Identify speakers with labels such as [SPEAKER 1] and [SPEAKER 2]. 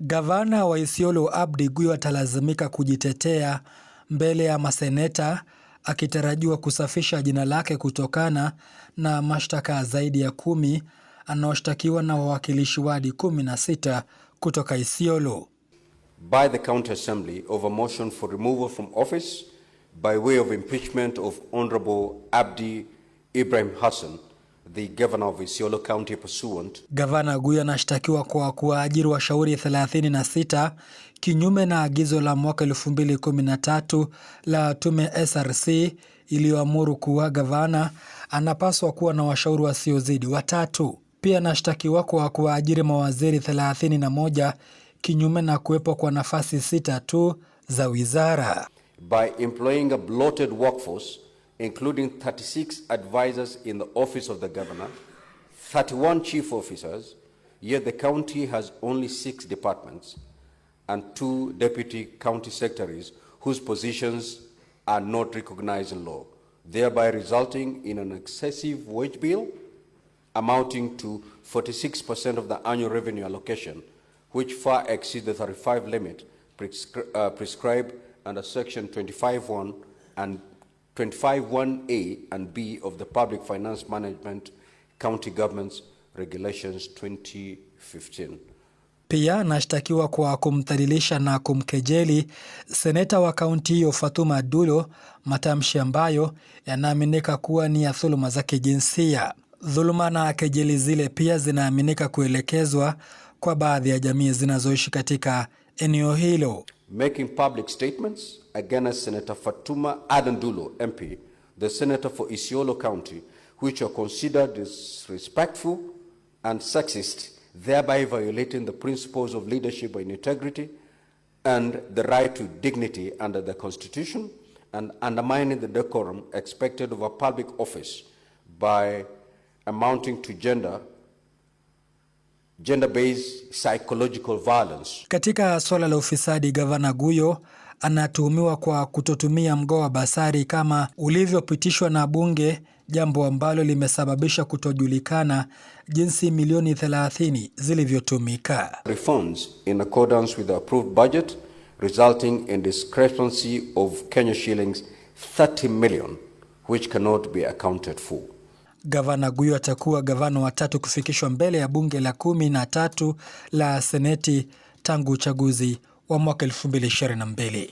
[SPEAKER 1] Gavana wa Isiolo Abdi Guyo atalazimika kujitetea mbele ya maseneta akitarajiwa kusafisha jina lake kutokana na mashtaka zaidi ya kumi anaoshtakiwa na wawakilishi wadi 16 kutoka Isiolo
[SPEAKER 2] by the County Assembly of a motion for removal from office by way of impeachment of Honorable Abdi Ibrahim Hassan The governor of Isiolo County pursuant.
[SPEAKER 1] Gavana Guyo anashtakiwa kwa kuwaajiri washauri 36 kinyume na agizo la mwaka 2013 la tume SRC iliyoamuru kuwa gavana anapaswa kuwa na washauri wasiozidi watatu. Pia anashtakiwa kwa kuwaajiri mawaziri 31 kinyume na kuwepo kwa nafasi sita tu za wizara.
[SPEAKER 2] By employing a bloated workforce including 36 advisors in the office of the governor, 31 chief officers, yet the county has only six departments and two deputy county secretaries whose positions are not recognized in law, thereby resulting in an excessive wage bill amounting to 46% of the annual revenue allocation, which far exceeds the 35 limit prescri- uh, prescribed under Section 25.1 and 25.1A and B of the Public Finance Management County Governments Regulations 2015.
[SPEAKER 1] Pia anashtakiwa kwa kumdhalilisha na kumkejeli seneta wa kaunti hiyo Fatuma Dulo, matamshi ambayo yanaaminika kuwa ni ya dhuluma za kijinsia. Dhuluma na kejeli zile pia zinaaminika kuelekezwa kwa baadhi ya jamii zinazoishi katika eneo hilo.
[SPEAKER 2] making public statements against Senator Fatuma Adandulo, MP, the senator for Isiolo County, which are considered disrespectful and sexist, thereby violating the principles of leadership and integrity and the right to dignity under the Constitution and undermining the decorum expected of a public office by amounting to gender gender based psychological violence.
[SPEAKER 1] Katika suala la ufisadi, Gavana Guyo anatuhumiwa kwa kutotumia mgoa wa basari kama ulivyopitishwa na bunge, jambo ambalo limesababisha kutojulikana jinsi milioni 30 zilivyotumika.
[SPEAKER 2] Reforms in accordance with the approved budget resulting in discrepancy of Kenya shillings 30 million which cannot be accounted for.
[SPEAKER 1] Gavana Guyo atakuwa gavana wa tatu kufikishwa mbele ya bunge la kumi na tatu la seneti tangu uchaguzi wa mwaka mbili.